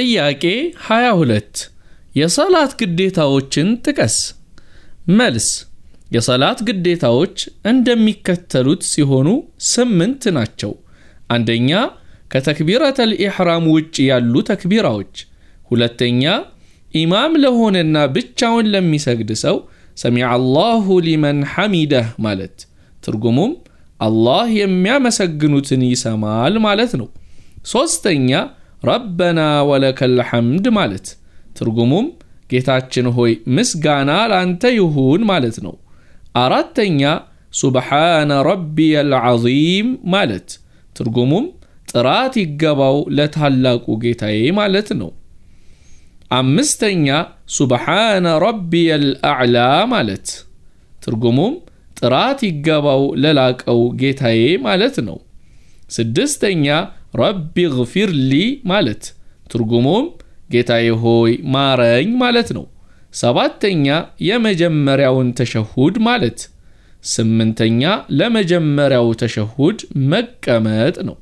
ጥያቄ 22 የሰላት ግዴታዎችን ጥቀስ። መልስ የሰላት ግዴታዎች እንደሚከተሉት ሲሆኑ ስምንት ናቸው። አንደኛ ከተክቢረተል ኢሕራም ውጭ ያሉ ተክቢራዎች። ሁለተኛ ኢማም ለሆነና ብቻውን ለሚሰግድ ሰው ሰሚዐ አላሁ ሊመን ሐሚደህ ማለት ትርጉሙም አላህ የሚያመሰግኑትን ይሰማል ማለት ነው። ሦስተኛ ረበና ወለከል ሐምድ ማለት ትርጉሙም ጌታችን ሆይ ምስጋና ላንተ ይሁን ማለት ነው። አራተኛ ሱብሓነ ረቢየል ዐዚም ማለት ትርጉሙም ጥራት ይገባው ለታላቁ ጌታዬ ማለት ነው። አምስተኛ ሱብሓነ ረቢየል አዕላ ማለት ትርጉሙም ጥራት ይገባው ለላቀው ጌታዬ ማለት ነው። ስድስተኛ ረቢ ግፊር ሊ ማለት ትርጉሙም ጌታዬ ሆይ ማረኝ ማለት ነው። ሰባተኛ የመጀመሪያውን ተሸሁድ ማለት ስምንተኛ ለመጀመሪያው ተሸሁድ መቀመጥ ነው።